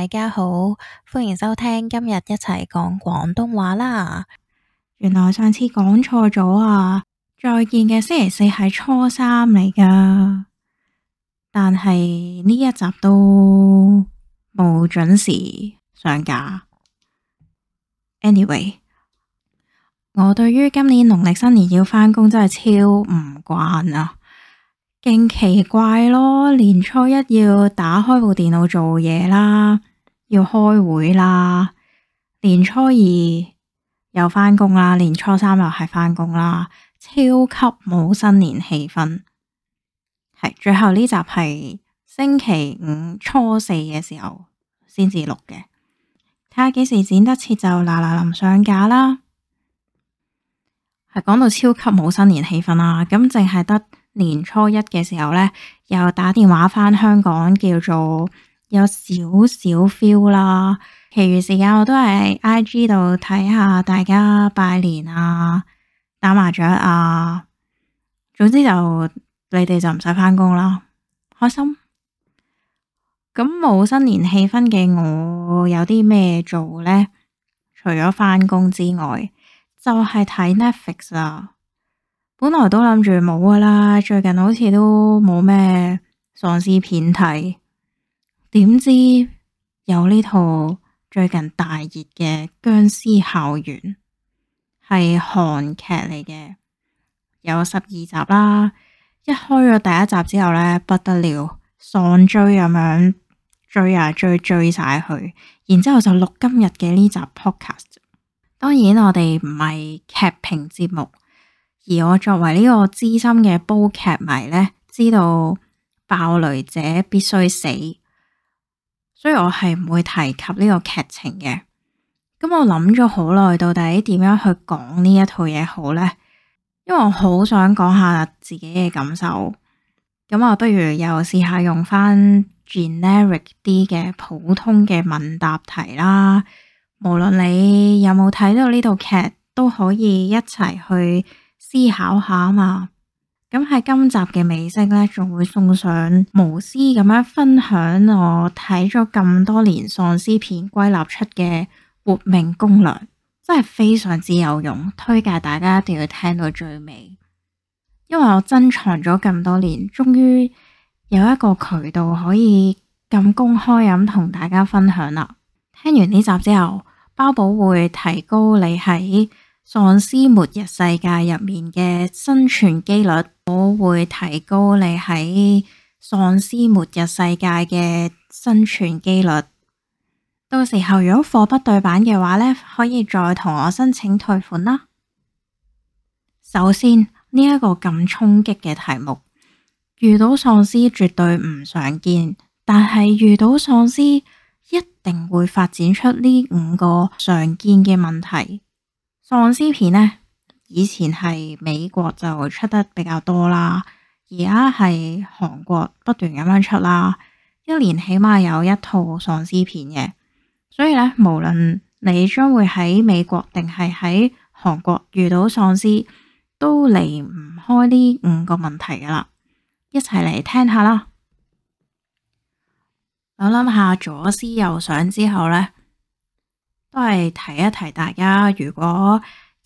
大家好，歡迎收聽今日一齊講廣東話啦。原來上次講錯咗啊！再見嘅星期四係初三嚟㗎，但係呢一集都冇準時上架。Anyway，我對於今年農曆新年要返工真係超唔慣啊，勁奇怪咯！年初一要打開部電腦做嘢啦。要開會啦，年初二又返工啦，年初三又係返工啦，超級冇新年氣氛。係最後呢集係星期五初四嘅時候先至錄嘅，睇下幾時剪得切就嗱嗱臨上架啦。係講到超級冇新年氣氛啦，咁淨係得年初一嘅時候咧，又打電話返香港叫做。有少少 feel 啦，其餘時間我都係 IG 度睇下大家拜年啊、打麻雀啊，總之就你哋就唔使返工啦，開心。咁冇新年氣氛嘅我，有啲咩做咧？除咗返工之外，就係睇 Netflix 啊。本來都諗住冇噶啦，最近好似都冇咩喪屍片睇。點知有呢套最近大熱嘅僵屍校園係韓劇嚟嘅，有十二集啦。一開咗第一集之後呢，不得了，喪追咁樣追啊追追晒佢，然之後就錄今日嘅呢集 podcast。當然我哋唔係劇評節目，而我作為呢個資深嘅煲劇迷呢，知道爆雷者必須死。所以我係唔會提及呢個劇情嘅。咁我諗咗好耐，到底點樣去講呢一套嘢好呢？因為我好想講下自己嘅感受。咁我不如又試下用翻 generic 啲嘅普通嘅問答題啦。無論你有冇睇到呢套劇，都可以一齊去思考下啊嘛。咁喺今集嘅尾聲呢，仲會送上無私咁樣分享我睇咗咁多年喪屍片歸納出嘅活命攻略，真係非常之有用，推介大家一定要聽到最尾，因為我珍藏咗咁多年，終於有一個渠道可以咁公開咁同大家分享啦。聽完呢集之後，包保會提高你喺喪屍末日世界入面嘅生存機率。我會提高你喺喪屍末日世界嘅生存機率。到時候如果貨不對版嘅話呢可以再同我申請退款啦。首先呢一個咁衝擊嘅題目，遇到喪屍絕對唔常見，但係遇到喪屍一定會發展出呢五個常見嘅問題。喪屍片呢。以前係美國就出得比較多啦，而家係韓國不斷咁樣出啦，一年起碼有一套喪屍片嘅，所以咧無論你將會喺美國定係喺韓國遇到喪屍，都離唔開呢五個問題噶啦，一齊嚟聽下啦，諗諗下左思右想之後呢，都係提一提大家，如果。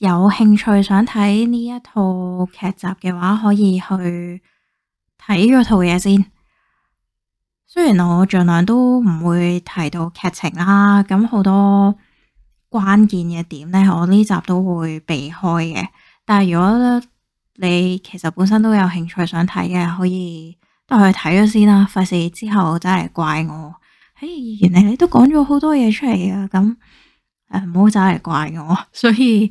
有興趣想睇呢一套劇集嘅話，可以去睇嗰套嘢先。雖然我盡量都唔會提到劇情啦，咁好多關鍵嘅點呢，我呢集都會避開嘅。但係如果你其實本身都有興趣想睇嘅，可以都去睇咗先啦。費事之後再嚟怪我。嘿、哎，原來你都講咗好多嘢出嚟啊！咁唔好再嚟怪我。所以。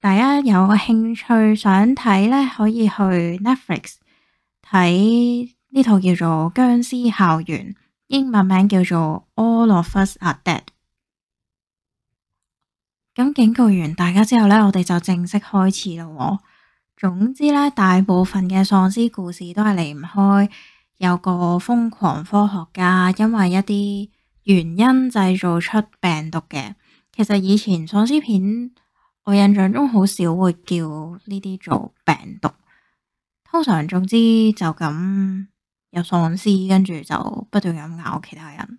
大家有興趣想睇咧，可以去 Netflix 睇呢套叫做《僵屍校園》，英文名叫做《All of Us Are Dead》。咁警告完大家之後咧，我哋就正式開始咯。總之咧，大部分嘅喪屍故事都係離唔開有個瘋狂科學家，因為一啲原因製造出病毒嘅。其實以前喪屍片。我印象中好少會叫呢啲做病毒，通常總之就咁有喪屍，跟住就不斷咁咬其他人。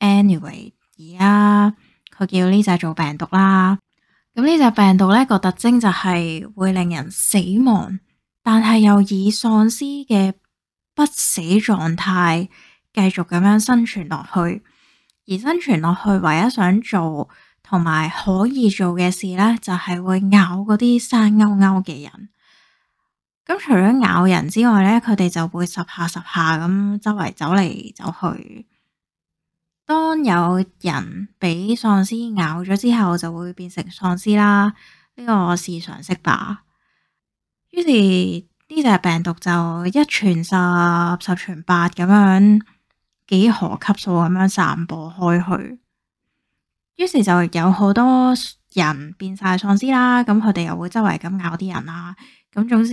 Anyway，而家佢叫呢隻做病毒啦。咁呢隻病毒呢個特徵就係會令人死亡，但係又以喪屍嘅不死狀態繼續咁樣生存落去。而生存落去唯一想做。同埋可以做嘅事呢，就係會咬嗰啲生勾勾嘅人。咁除咗咬人之外呢，佢哋就會十下十下咁周圍走嚟走去。當有人俾喪屍咬咗之後，就會變成喪屍啦。呢個是常識吧。於是呢隻病毒就一傳十，十傳百咁樣幾何級數咁樣散播開去。於是就有好多人變晒喪屍啦，咁佢哋又會周圍咁咬啲人啦，咁總之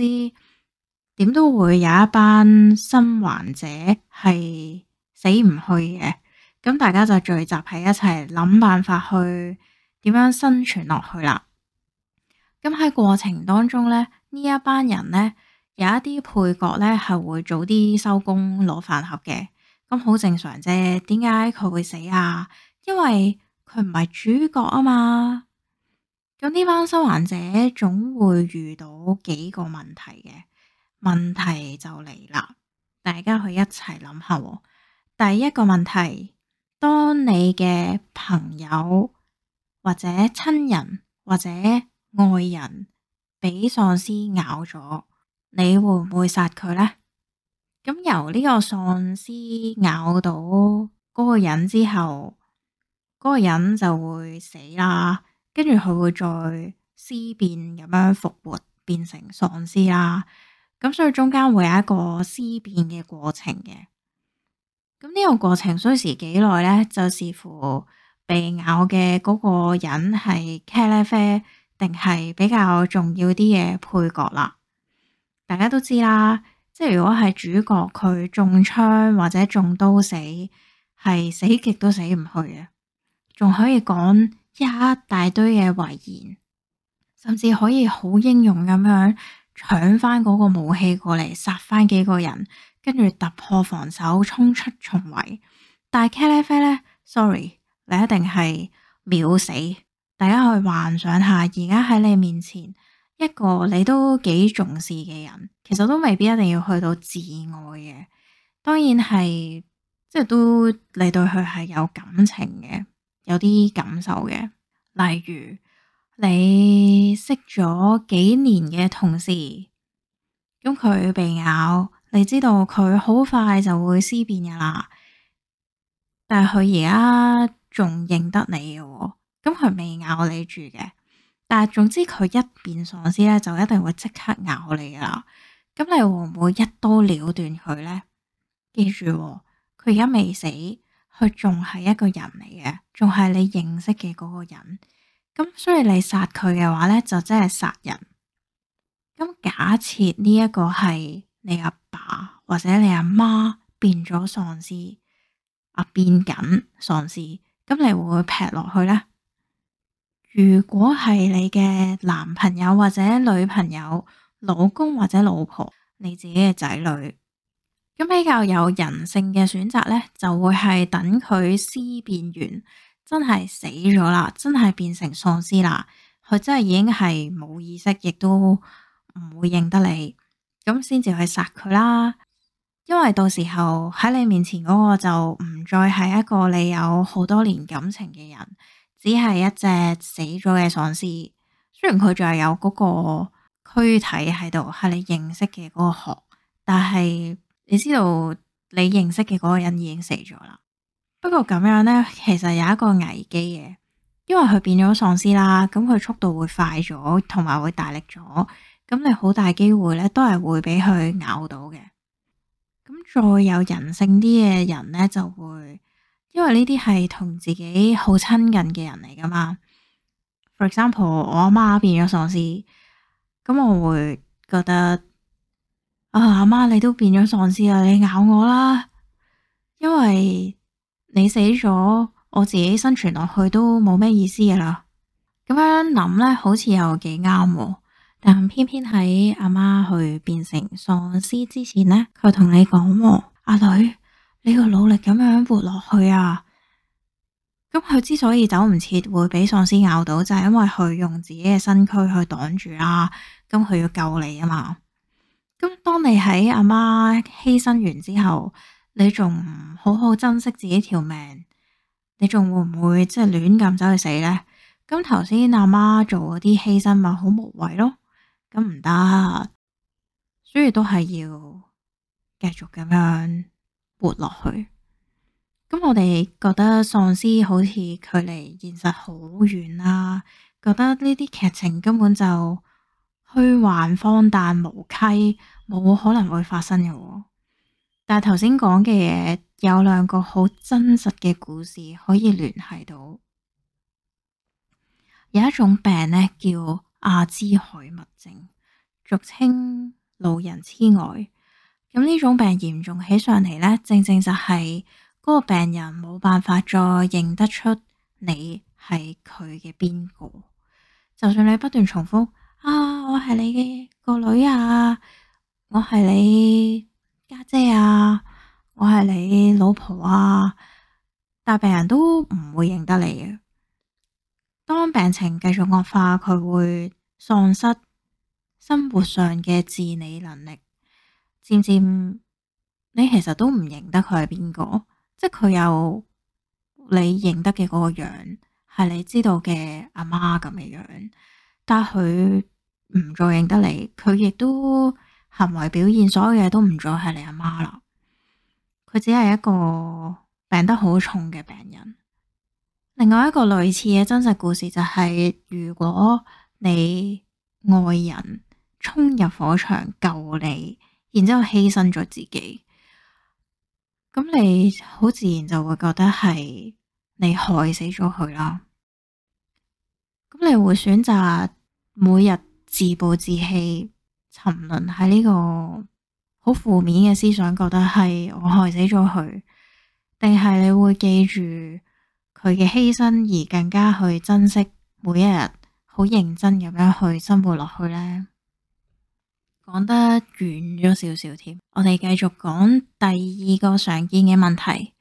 點都會有一班生還者係死唔去嘅，咁大家就聚集喺一齊諗辦法去點樣生存落去啦。咁喺過程當中呢，呢一班人呢，有一啲配角呢係會早啲收工攞飯盒嘅，咁好正常啫。點解佢會死啊？因為佢唔係主角啊嘛，咁呢班生還者總會遇到幾個問題嘅，問題就嚟啦，大家去一齊諗下。第一個問題，當你嘅朋友或者親人或者愛人俾喪屍咬咗，你會唔會殺佢呢？咁由呢個喪屍咬到嗰個人之後。嗰個人就會死啦，跟住佢會再屍變咁樣復活變成喪屍啦。咁所以中間會有一個屍變嘅過程嘅。咁呢個過程需時幾耐呢？就視乎被咬嘅嗰個人係 c a r e f 定係比較重要啲嘅配角啦。大家都知啦，即係如果係主角，佢中槍或者中刀死，係死極都死唔去啊！仲可以講一大堆嘅遺言，甚至可以好英勇咁樣搶翻嗰個武器過嚟殺翻幾個人，跟住突破防守衝出重圍。但係 k e l e e 咧，sorry，你一定係秒死。大家去幻想下，而家喺你面前一個你都幾重視嘅人，其實都未必一定要去到摯愛嘅，當然係即係都你對佢係有感情嘅。有啲感受嘅，例如你識咗幾年嘅同事，咁佢被咬，你知道佢好快就會屍變噶啦。但係佢而家仲認得你嘅，咁佢未咬你住嘅。但係總之佢一變喪屍咧，就一定會即刻咬你噶啦。咁你會唔會一刀了斷佢咧？記住，佢而家未死。佢仲係一個人嚟嘅，仲係你認識嘅嗰個人。咁所以你殺佢嘅話呢，就真係殺人。咁假設呢一個係你阿爸或者你阿媽變咗喪屍，阿、啊、變緊喪屍，咁你會唔會劈落去呢？如果係你嘅男朋友或者女朋友、老公或者老婆、你自己嘅仔女？咁比較有人性嘅選擇呢，就會係等佢屍變完，真係死咗啦，真係變成喪屍啦。佢真係已經係冇意識，亦都唔會認得你，咁先至去殺佢啦。因為到時候喺你面前嗰個就唔再係一個你有好多年感情嘅人，只係一隻死咗嘅喪屍。雖然佢仲係有嗰個軀體喺度，係你認識嘅嗰個殼，但係。你知道你認識嘅嗰個人已經死咗啦，不過咁樣呢，其實有一個危機嘅，因為佢變咗喪屍啦，咁佢速度會快咗，同埋會大力咗，咁你好大機會呢，都係會俾佢咬到嘅。咁再有人性啲嘅人呢，就會因為呢啲係同自己好親近嘅人嚟噶嘛。For example，我阿媽變咗喪屍，咁我會覺得。哦，阿媽，你都變咗喪屍啦，你咬我啦，因為你死咗，我自己生存落去都冇咩意思噶啦。咁樣諗咧，好似又幾啱。但偏偏喺阿媽去變成喪屍之前咧，佢同你講：阿女，你要努力咁樣活落去啊！咁佢之所以走唔切會俾喪屍咬到，就係因為佢用自己嘅身軀去擋住啊。咁佢要救你啊嘛。咁當你喺阿媽犧牲完之後，你仲唔好好珍惜自己條命？你仲會唔會即係亂咁走去死呢？咁頭先阿媽做嗰啲犧牲咪好無謂咯？咁唔得，所以都係要繼續咁樣活落去。咁我哋覺得喪屍好似距離現實好遠啦，覺得呢啲劇情根本就～虛幻荒誕無稽，冇可能會發生嘅。但係頭先講嘅嘢，有兩個好真實嘅故事可以聯繫到。有一種病呢，叫阿茲海默症，俗稱老人癡呆。咁呢種病嚴重起上嚟呢，正正就係嗰個病人冇辦法再認得出你係佢嘅邊個，就算你不斷重複。我係你嘅個女啊，我係你家姐啊，我係你老婆啊，但病人都唔會認得你嘅。當病情繼續惡化，佢會喪失生活上嘅自理能力，漸漸你其實都唔認得佢係邊個，即係佢有你認得嘅嗰個樣，係你知道嘅阿媽咁嘅樣，但係佢。唔再認得你，佢亦都行為表現，所有嘢都唔再係你阿媽啦。佢只係一個病得好重嘅病人。另外一個類似嘅真實故事就係，如果你愛人衝入火場救你，然之後犧牲咗自己，咁你好自然就會覺得係你害死咗佢啦。咁你會選擇每日，自暴自棄，沉淪喺呢個好負面嘅思想，覺得係我害死咗佢，定係你會記住佢嘅犧牲而更加去珍惜每一日，好認真咁樣去生活落去呢？講得遠咗少少添，我哋繼續講第二個常見嘅問題。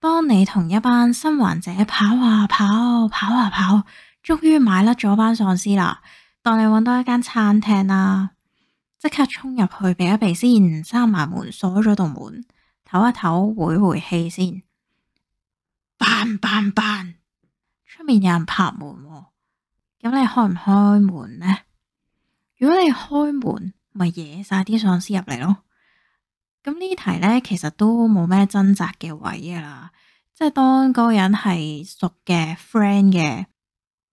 當你幫你同一班生還者跑啊跑，跑啊跑，終於買甩咗班喪屍啦。當你揾到一間餐廳啦，即刻衝入去避一避先，閂埋門，鎖咗道門，唞一唞，會回氣先。bang bang bang，出面有人拍門，咁你開唔開門呢？如果你開門，咪惹晒啲喪屍入嚟咯。咁呢題呢，其實都冇咩掙扎嘅位噶啦，即係當個人係熟嘅 friend 嘅。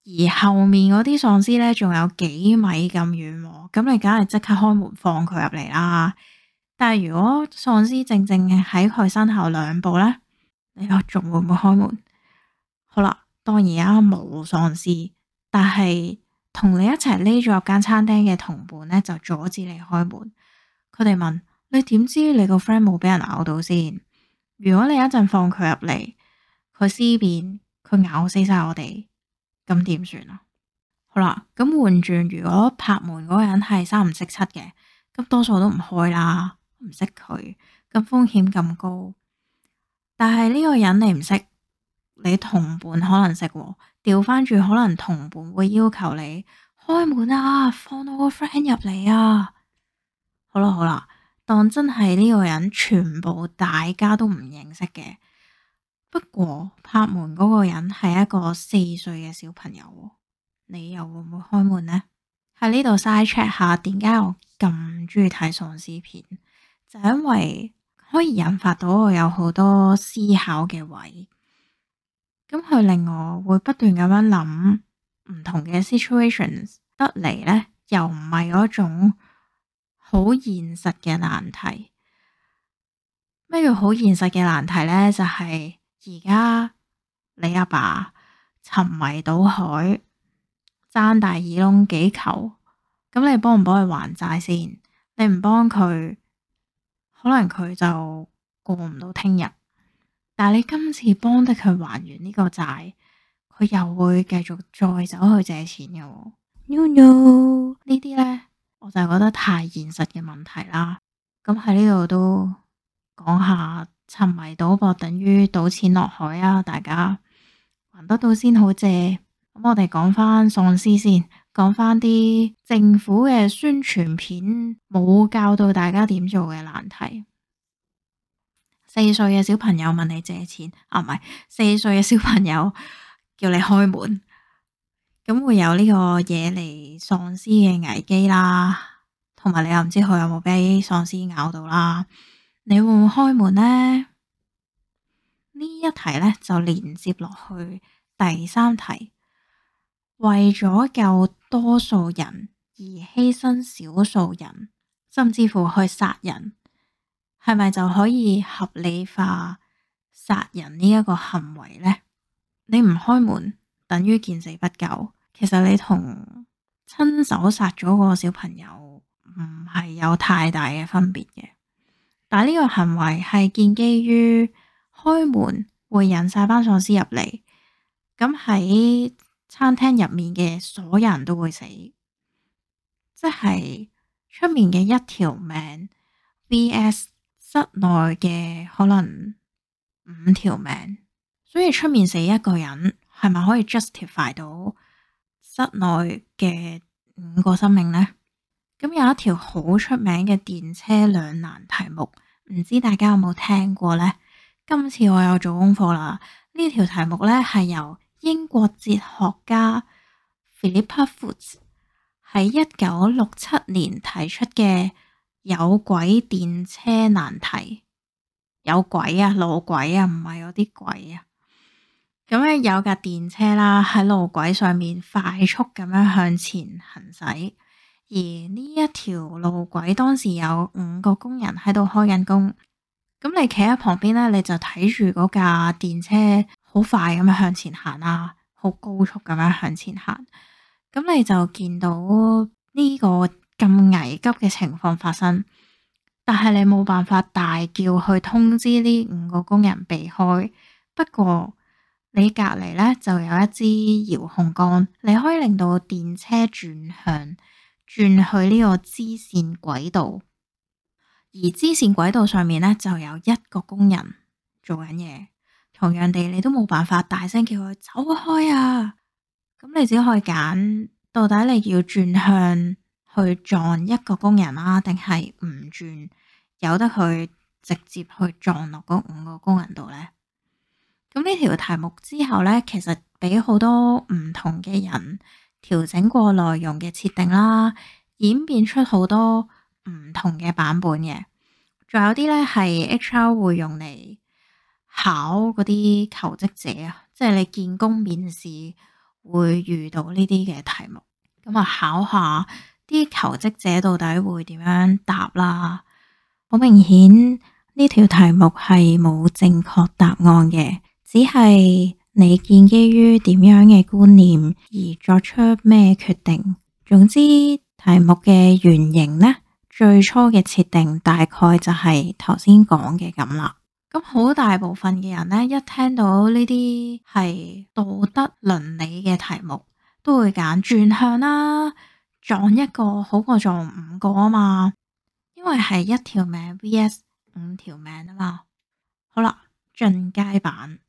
而後面嗰啲喪屍呢，仲有幾米咁遠，咁你梗係即刻開門放佢入嚟啦。但係如果喪屍正正喺佢身後兩步呢，你仲會唔會開門？好啦，當然啊，無喪屍，但係同你一齊匿咗入間餐廳嘅同伴呢，就阻止你開門。佢哋問你，點知你個 friend 冇俾人咬到先？如果你一陣放佢入嚟，佢屍變，佢咬死晒我哋。咁點算啊？好啦，咁換轉，如果拍門嗰個人係三唔識七嘅，咁多數都唔開啦，唔識佢，咁風險咁高。但係呢個人你唔識，你同伴可能識，調翻住，可能同伴會要求你開門啊，放到個 friend 入嚟啊。好啦好啦，當真係呢個人全部大家都唔認識嘅。不過拍門嗰個人係一個四歲嘅小朋友，你又會唔會開門呢？喺呢度 side check 下，點解我咁中意睇喪屍片？就因為可以引發到我有好多思考嘅位，咁佢令我會不斷咁樣諗唔同嘅 situations 得嚟呢，又唔係嗰種好現實嘅難題。咩叫好現實嘅難題呢？就係、是。而家你阿爸，爸沉迷賭海，爭大耳窿幾球，咁你幫唔幫佢還債先？你唔幫佢，可能佢就過唔到聽日。但係你今次幫得佢還完呢個債，佢又會繼續再走去借錢嘅喎。no 呢啲呢，我就覺得太現實嘅問題啦。咁喺呢度都講下。沉迷賭博等於賭錢落海啊！大家還得到先好借。咁我哋講翻喪屍先，講翻啲政府嘅宣傳片冇教到大家點做嘅難題。四歲嘅小朋友問你借錢，啊唔係，四歲嘅小朋友叫你開門，咁會有呢個惹嚟喪屍嘅危機啦，同埋你又唔知佢有冇俾喪屍咬到啦。你會唔會開門呢？呢一題咧就連接落去第三題，為咗救多數人而犧牲少數人，甚至乎去殺人，係咪就可以合理化殺人呢一個行為咧？你唔開門等於見死不救，其實你同親手殺咗個小朋友唔係有太大嘅分別嘅。但呢個行為係建基於開門會引晒班喪屍入嚟，咁喺餐廳入面嘅所有人都會死，即係出面嘅一條命 V.S 室內嘅可能五條命，所以出面死一個人係咪可以 justify 到室內嘅五個生命呢？咁有一條好出名嘅電車兩難題目，唔知大家有冇聽過呢？今次我有做功課啦，呢條題目呢，係由英國哲學家 Philippa Foot 喺一九六七年提出嘅有軌電車難題。有軌啊，路軌啊，唔係有啲軌啊。咁樣有架電車啦，喺路軌上面快速咁樣向前行駛。而呢一條路軌當時有五個工人喺度開緊工，咁你企喺旁邊呢，你就睇住嗰架電車好快咁樣向前行啦，好高速咁樣向前行，咁你就見到呢個咁危急嘅情況發生，但係你冇辦法大叫去通知呢五個工人避開。不過你隔籬呢，就有一支遙控桿，你可以令到電車轉向。轉去呢個支線軌道，而支線軌道上面呢，就有一個工人做緊嘢。同樣地，你都冇辦法大聲叫佢走開啊！咁你只可以揀，到底你要轉向去撞一個工人啊，定係唔轉，由得佢直接去撞落嗰五個工人度呢？咁呢條題目之後呢，其實俾好多唔同嘅人。調整過內容嘅設定啦，演變出好多唔同嘅版本嘅，仲有啲咧係 HR 會用嚟考嗰啲求職者啊，即係你見工面試會遇到呢啲嘅題目，咁啊考下啲求職者到底會點樣答啦？好明顯呢條題目係冇正確答案嘅，只係，你建基於點樣嘅觀念而作出咩決定？總之，題目嘅原型呢，最初嘅設定大概就係頭先講嘅咁啦。咁好大部分嘅人呢，一聽到呢啲係道德倫理嘅題目，都會揀轉向啦，撞一個好過撞五個啊嘛，因為係一條命 V.S 五條命啊嘛。好啦，進階版。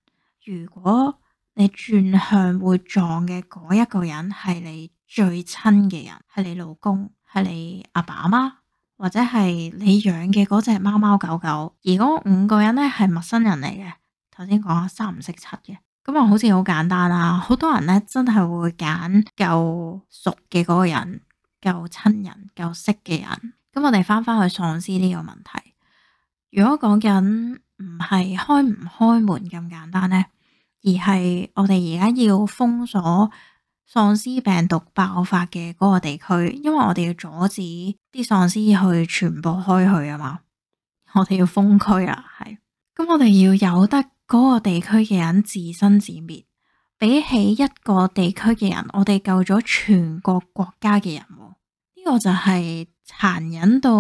如果你轉向會撞嘅嗰一個人係你最親嘅人，係你老公，係你阿爸阿媽，或者係你養嘅嗰隻貓貓狗狗。而嗰五個人呢，係陌生人嚟嘅，頭先講下三唔識七嘅。咁啊好似好簡單啦，啊。好多人呢，真係會揀夠熟嘅嗰個人，夠親人，夠識嘅人。咁我哋翻翻去喪屍呢個問題，如果講緊唔係開唔開門咁簡單呢？而係我哋而家要封鎖喪屍病毒爆發嘅嗰個地區，因為我哋要阻止啲喪屍去傳播開去啊嘛。我哋要封區啦，係咁我哋要有得嗰個地區嘅人自生自滅，比起一個地區嘅人，我哋救咗全國國家嘅人，呢個就係殘忍到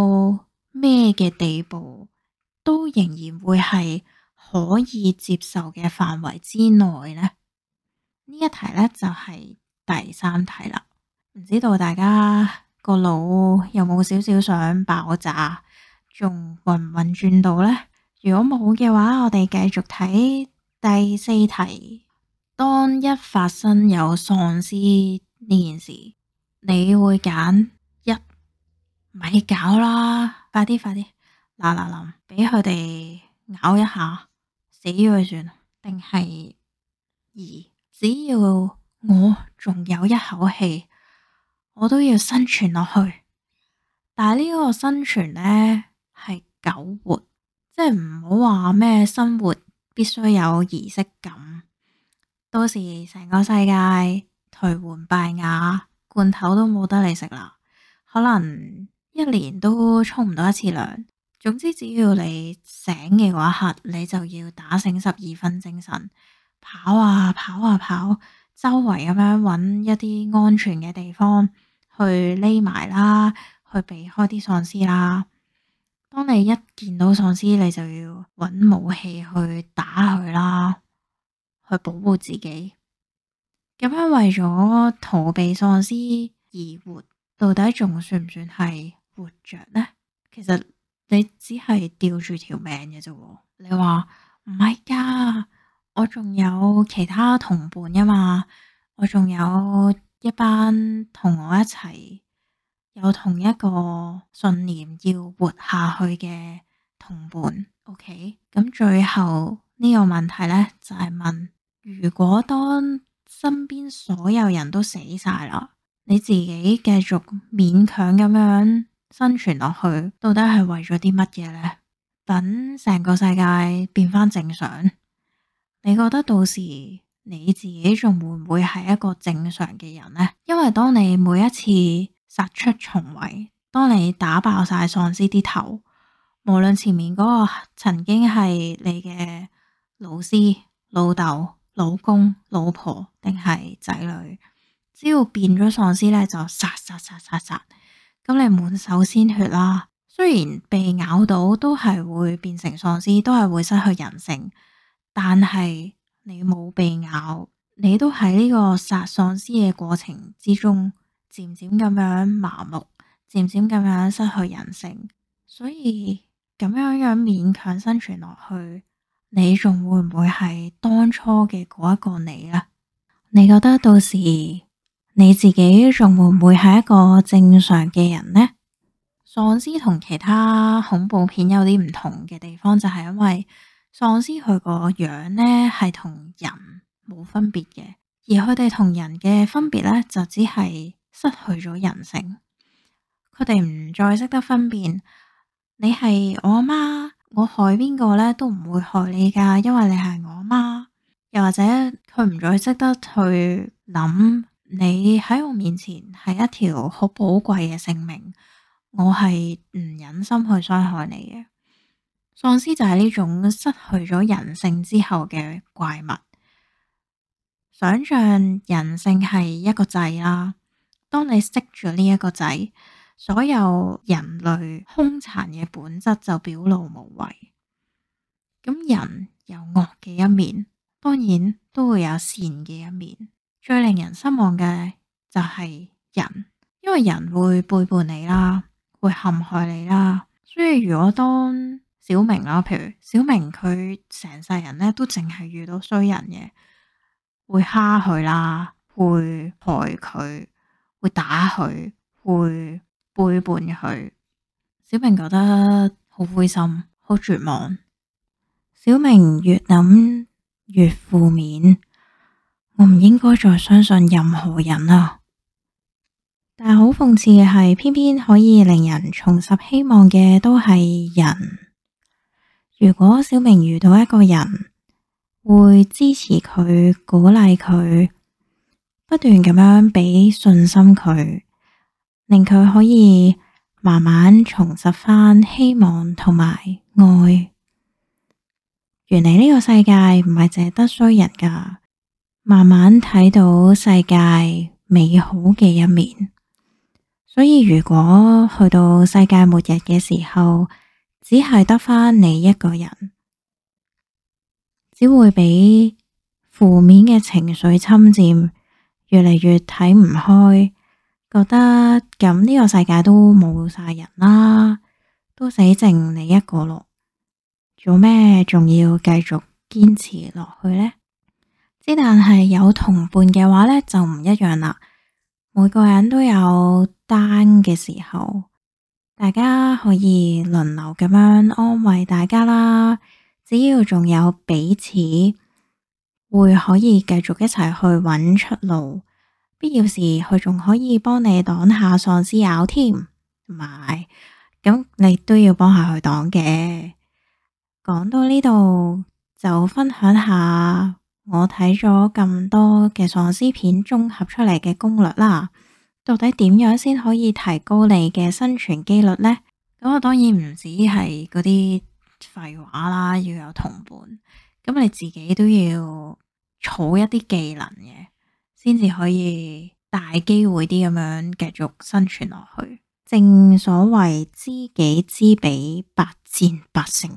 咩嘅地步，都仍然會係。可以接受嘅範圍之內呢，呢一題呢就係第三題啦。唔知道大家個腦有冇少少想爆炸，仲運唔運轉到呢？如果冇嘅話，我哋繼續睇第四題。當一發生有喪屍呢件事，你會揀一，咪搞啦，快啲快啲，嗱嗱嗱，俾佢哋咬一下。死咗算，定係而只要我仲有一口氣，我都要生存落去。但係呢個生存咧，係苟活，即係唔好話咩生活必須有儀式感。到時成個世界頹垣敗瓦，罐頭都冇得你食啦，可能一年都沖唔到一次涼。總之，只要你醒嘅嗰一刻，你就要打醒十二分精神，跑啊跑啊跑，周圍咁樣揾一啲安全嘅地方去匿埋啦，去避開啲喪屍啦。當你一見到喪屍，你就要揾武器去打佢啦，去保護自己。咁樣為咗逃避喪屍而活，到底仲算唔算係活着呢？其實。你只係吊住條命嘅啫，你話唔係噶，我仲有其他同伴呀嘛，我仲有一班同我一齊有同一個信念要活下去嘅同伴，OK？咁最後呢個問題呢，就係問，如果當身邊所有人都死晒啦，你自己繼續勉強咁樣？生存落去到底係為咗啲乜嘢呢？等成個世界變翻正常，你覺得到時你自己仲會唔會係一個正常嘅人呢？因為當你每一次殺出重圍，當你打爆晒喪屍啲頭，無論前面嗰個曾經係你嘅老師、老豆、老公、老婆定係仔女，只要變咗喪屍呢，就殺殺殺殺殺。咁你滿手鮮血啦，雖然被咬到都係會變成喪屍，都係會失去人性。但係你冇被咬，你都喺呢個殺喪屍嘅過程之中，漸漸咁樣麻木，漸漸咁樣失去人性。所以咁樣樣勉強生存落去，你仲會唔會係當初嘅嗰一個你呢？你覺得到時，你自己仲會唔會係一個正常嘅人呢？喪屍同其他恐怖片有啲唔同嘅地方，就係因為喪屍佢個樣呢係同人冇分別嘅，而佢哋同人嘅分別呢就只係失去咗人性，佢哋唔再識得分辨你係我阿媽，我害邊個呢？都唔會害你噶，因為你係我阿媽，又或者佢唔再識得去諗。你喺我面前係一條好寶貴嘅性命，我係唔忍心去傷害你嘅。喪屍就係呢種失去咗人性之後嘅怪物。想象人性係一個掣啦，當你熄咗呢一個掣，所有人類兇殘嘅本質就表露無遺。咁人有惡嘅一面，當然都會有善嘅一面。最令人失望嘅就係人，因為人會背叛你啦，會陷害你啦。所以如果當小明啦，譬如小明佢成世人咧，都淨係遇到衰人嘅，會蝦佢啦，會害佢，會打佢，會背叛佢。小明覺得好灰心，好絕望。小明越諗越負面。我唔應該再相信任何人啊！但係好諷刺嘅係，偏偏可以令人重拾希望嘅都係人。如果小明遇到一個人，會支持佢、鼓勵佢，不斷咁樣俾信心佢，令佢可以慢慢重拾翻希望同埋愛。原來呢個世界唔係淨係得衰人㗎。慢慢睇到世界美好嘅一面，所以如果去到世界末日嘅時候，只係得翻你一個人，只會俾負面嘅情緒侵占，越嚟越睇唔開，覺得咁呢個世界都冇晒人啦，都死剩你一個咯，做咩仲要繼續堅持落去咧？啲，但係有同伴嘅話呢，就唔一樣啦。每個人都有單嘅時候，大家可以輪流咁樣安慰大家啦。只要仲有彼此，會可以繼續一齊去揾出路。必要時佢仲可以幫你擋下喪屍咬添，同埋咁你都要幫下佢擋嘅。講到呢度就分享下。我睇咗咁多嘅喪屍片，綜合出嚟嘅攻略啦，到底點樣先可以提高你嘅生存幾率呢？咁啊，當然唔止係嗰啲廢話啦，要有同伴，咁你自己都要儲一啲技能嘅，先至可以大機會啲咁樣繼續生存落去。正所謂知己知彼，百戰百勝。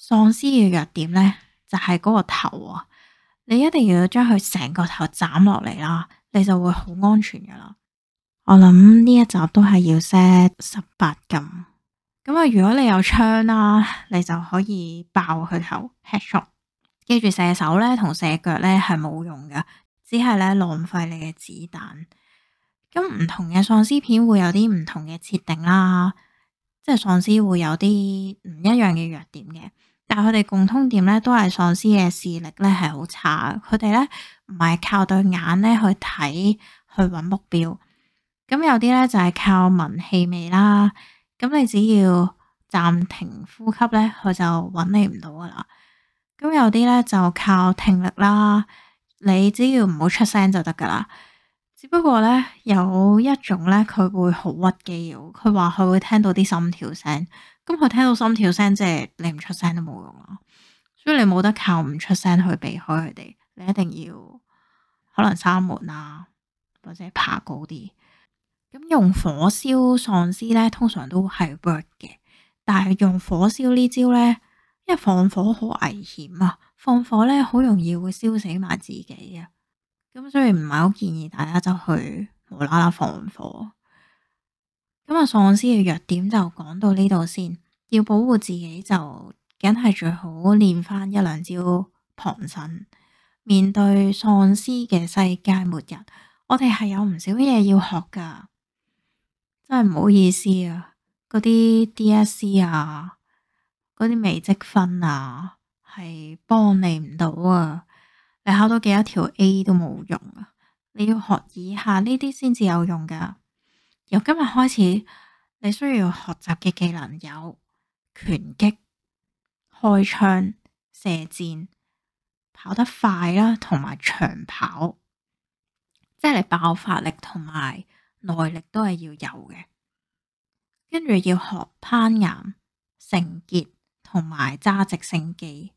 喪屍嘅弱點呢，就係嗰個頭啊！你一定要將佢成個頭斬落嚟啦，你就會好安全噶啦。我諗呢一集都係要 set 十八禁。咁啊，如果你有槍啦，你就可以爆佢頭 head shot。記住射手咧同射腳咧係冇用噶，只係咧浪費你嘅子彈。咁唔同嘅喪屍片會有啲唔同嘅設定啦，即係喪屍會有啲唔一樣嘅弱點嘅。但佢哋共通點咧，都係喪屍嘅視力咧係好差，佢哋咧唔係靠對眼咧去睇去搵目標。咁有啲咧就係靠聞氣味啦。咁你只要暫停呼吸咧，佢就搵你唔到噶啦。咁有啲咧就靠聽力啦。你只要唔好出聲就得噶啦。只不過咧有一種咧佢會好屈機，佢話佢會聽到啲心跳聲，咁佢聽到心跳聲即係你唔出聲都冇用咯，所以你冇得靠唔出聲去避開佢哋，你一定要可能閂門啊，或者爬高啲。咁用火燒喪屍咧，通常都係 work 嘅，但係用火燒呢招咧，因為放火好危險啊，放火咧好容易會燒死埋自己啊。咁所以唔係好建議大家就去無啦啦放火。咁啊，喪屍嘅弱點就講到呢度先。要保護自己就梗係最好練翻一兩招旁身。面對喪屍嘅世界末日，我哋係有唔少嘢要學噶。真係唔好意思啊，嗰啲 DSC 啊，嗰啲微積分啊，係幫你唔到啊。你考到幾多條 A 都冇用啊！你要學以下呢啲先至有用㗎。由今日開始，你需要學習嘅技能有拳擊、開槍、射箭、跑得快啦，同埋長跑，即係你爆發力同埋耐力都係要有嘅。跟住要學攀岩、繩結同埋揸直升機。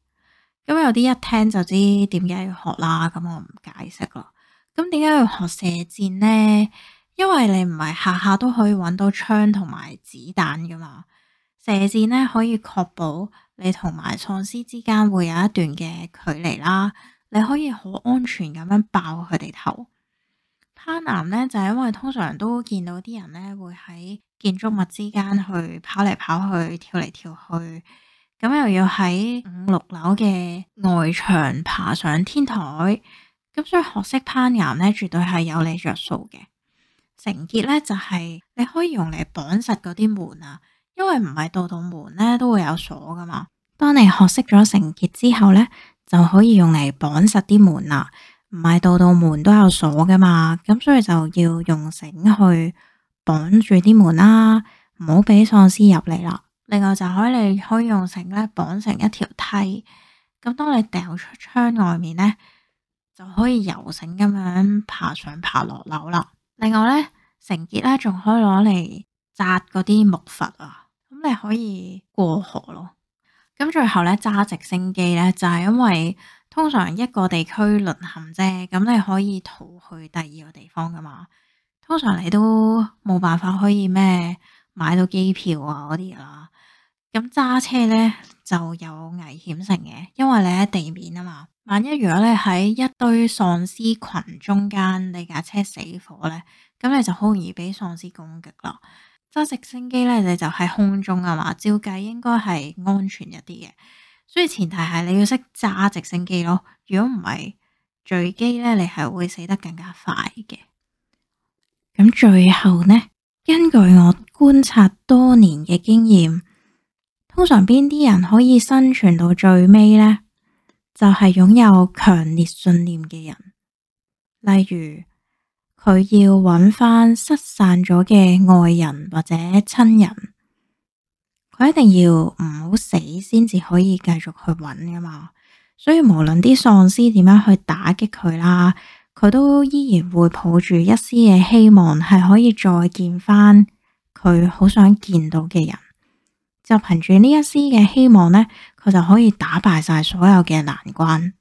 咁有啲一聽就知點解要學啦，咁我唔解釋咯。咁點解要學射箭呢？因為你唔係下下都可以搵到槍同埋子彈噶嘛。射箭呢，可以確保你同埋喪屍之間會有一段嘅距離啦，你可以好安全咁樣爆佢哋頭。攀岩呢就係因為通常都見到啲人呢，會喺建築物之間去跑嚟跑去，跳嚟跳去。咁又要喺五六樓嘅外牆爬上天台，咁所以學識攀岩，咧，絕對係有你着數嘅。繩結咧就係你可以用嚟綁實嗰啲門啊，因為唔係度度門咧都會有鎖噶嘛。當你學識咗繩結之後咧，就可以用嚟綁實啲門啦。唔係度度門都有鎖噶嘛，咁所以就要用繩去綁住啲門啦，唔好俾喪屍入嚟啦。另外就可以你可以用繩咧綁成一條梯，咁當你掉出窗外面咧，就可以游繩咁樣爬上爬落樓啦。另外咧，繩結咧仲可以攞嚟紮嗰啲木筏啊，咁你可以過河咯。咁最後咧揸直升機咧，就係因為通常一個地區淪陷啫，咁你可以逃去第二個地方噶嘛。通常你都冇辦法可以咩買到機票啊嗰啲啦。咁揸車呢就有危險性嘅，因為你喺地面啊嘛。萬一如果你喺一堆喪屍群中間，你架車死火呢，咁你就好容易俾喪屍攻擊咯。揸直升機呢，你就喺空中啊嘛，照計應該係安全一啲嘅。所以前提係你要識揸直升機咯。如果唔係墜機呢，你係會死得更加快嘅。咁最後呢，根據我觀察多年嘅經驗。通常邊啲人可以生存到最尾呢？就係擁有強烈信念嘅人，例如佢要搵翻失散咗嘅愛人或者親人，佢一定要唔好死先至可以繼續去搵噶嘛。所以無論啲喪屍點樣去打擊佢啦，佢都依然會抱住一絲嘅希望，係可以再見翻佢好想見到嘅人。就憑住呢一絲嘅希望呢，佢就可以打敗晒所有嘅難關。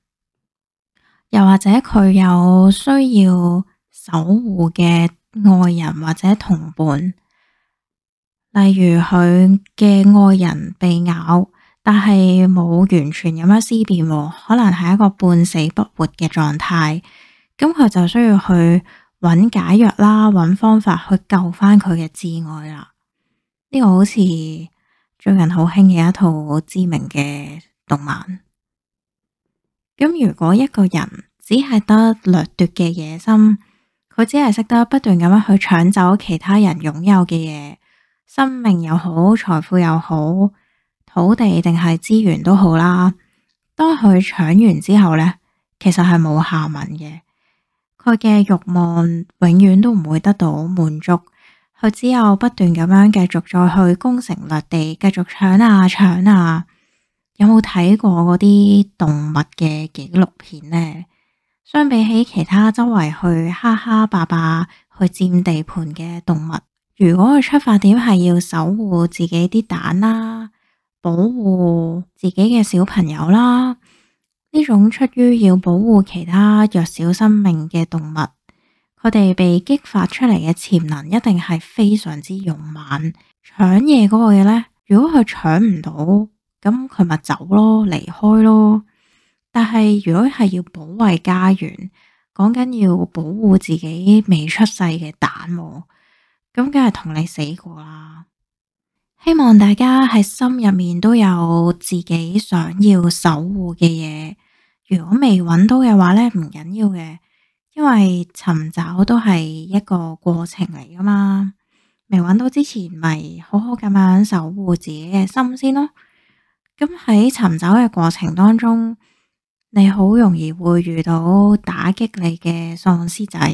又或者佢有需要守護嘅愛人或者同伴，例如佢嘅愛人被咬，但係冇完全咁樣屍變，可能係一個半死不活嘅狀態。咁佢就需要去揾解藥啦，揾方法去救翻佢嘅摯愛啦。呢個好似～最近好興嘅一套好知名嘅動漫。咁如果一個人只係得掠奪嘅野心，佢只係識得不斷咁樣去搶走其他人擁有嘅嘢，生命又好，財富又好，土地定係資源都好啦。當佢搶完之後呢，其實係冇下文嘅，佢嘅欲望永遠都唔會得到滿足。佢只有不斷咁樣繼續再去攻城略地，繼續搶啊搶啊！有冇睇過嗰啲動物嘅紀錄片呢？相比起其他周圍去蝦蝦霸霸去佔地盤嘅動物，如果佢出發點係要守護自己啲蛋啦，保護自己嘅小朋友啦，呢種出於要保護其他弱小生命嘅動物。佢哋被激發出嚟嘅潛能一定係非常之勇猛，搶嘢嗰個嘢呢，如果佢搶唔到，咁佢咪走咯，離開咯。但係如果係要保衛家園，講緊要保護自己未出世嘅蛋喎，咁梗係同你死過啦。希望大家喺心入面都有自己想要守護嘅嘢，如果未揾到嘅話呢，唔緊要嘅。因為尋找都係一個過程嚟噶嘛，未揾到之前，咪好好咁樣守護自己嘅心先咯。咁喺尋找嘅過程當中，你好容易會遇到打擊你嘅喪屍仔，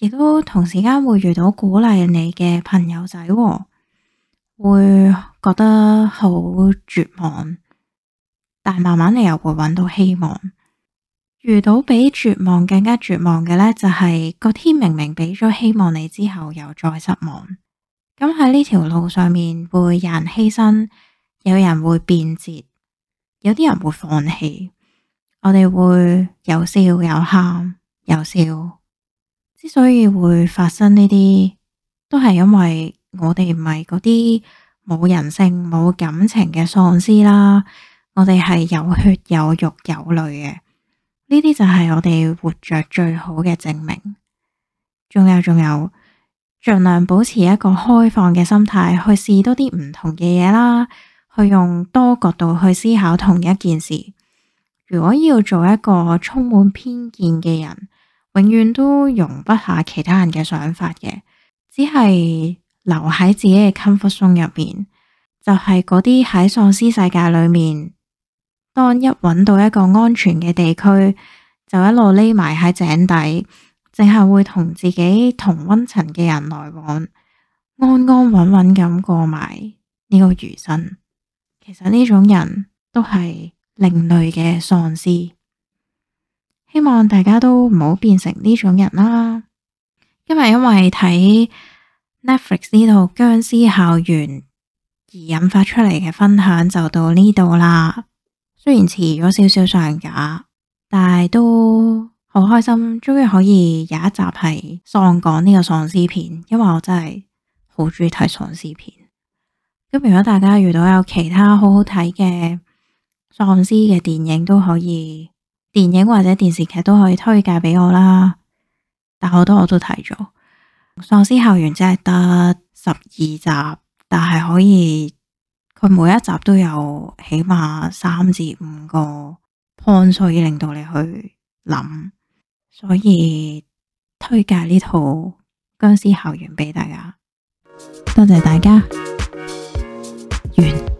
亦都同時間會遇到鼓勵你嘅朋友仔，會覺得好絕望，但慢慢你又會揾到希望。遇到比絕望更加絕望嘅呢，就是，就係個天明明俾咗希望你之後又再失望。咁喺呢條路上面會有人犧牲，有人會變節，有啲人會放棄。我哋會有笑有喊，有笑。之所以會發生呢啲，都係因為我哋唔係嗰啲冇人性、冇感情嘅喪屍啦。我哋係有血有肉有淚嘅。呢啲就係我哋活着最好嘅證明。仲有，仲有，盡量保持一個開放嘅心態，去試多啲唔同嘅嘢啦，去用多角度去思考同一件事。如果要做一個充滿偏見嘅人，永遠都容不下其他人嘅想法嘅，只係留喺自己嘅 comfort zone 入面，就係嗰啲喺喪屍世界裏面。當一揾到一個安全嘅地區，就一路匿埋喺井底，淨係會同自己同溫層嘅人來往，安安穩穩咁過埋呢個餘生。其實呢種人都係另類嘅喪屍，希望大家都唔好變成呢種人啦。今日因為睇 Netflix 呢套《殭屍校園》而引發出嚟嘅分享就到呢度啦。雖然遲咗少少上架，但係都好開心，終於可以有一集係喪講呢個喪屍片，因為我真係好中意睇喪屍片。咁如果大家遇到有其他好好睇嘅喪屍嘅電影，都可以，電影或者電視劇都可以推介畀我啦。但好多我都睇咗《喪屍校園》，只係得十二集，但係可以。佢每一集都有起碼三至五個 point，所以令到你去諗，所以推介呢套僵屍校園俾大家。多謝大家，完。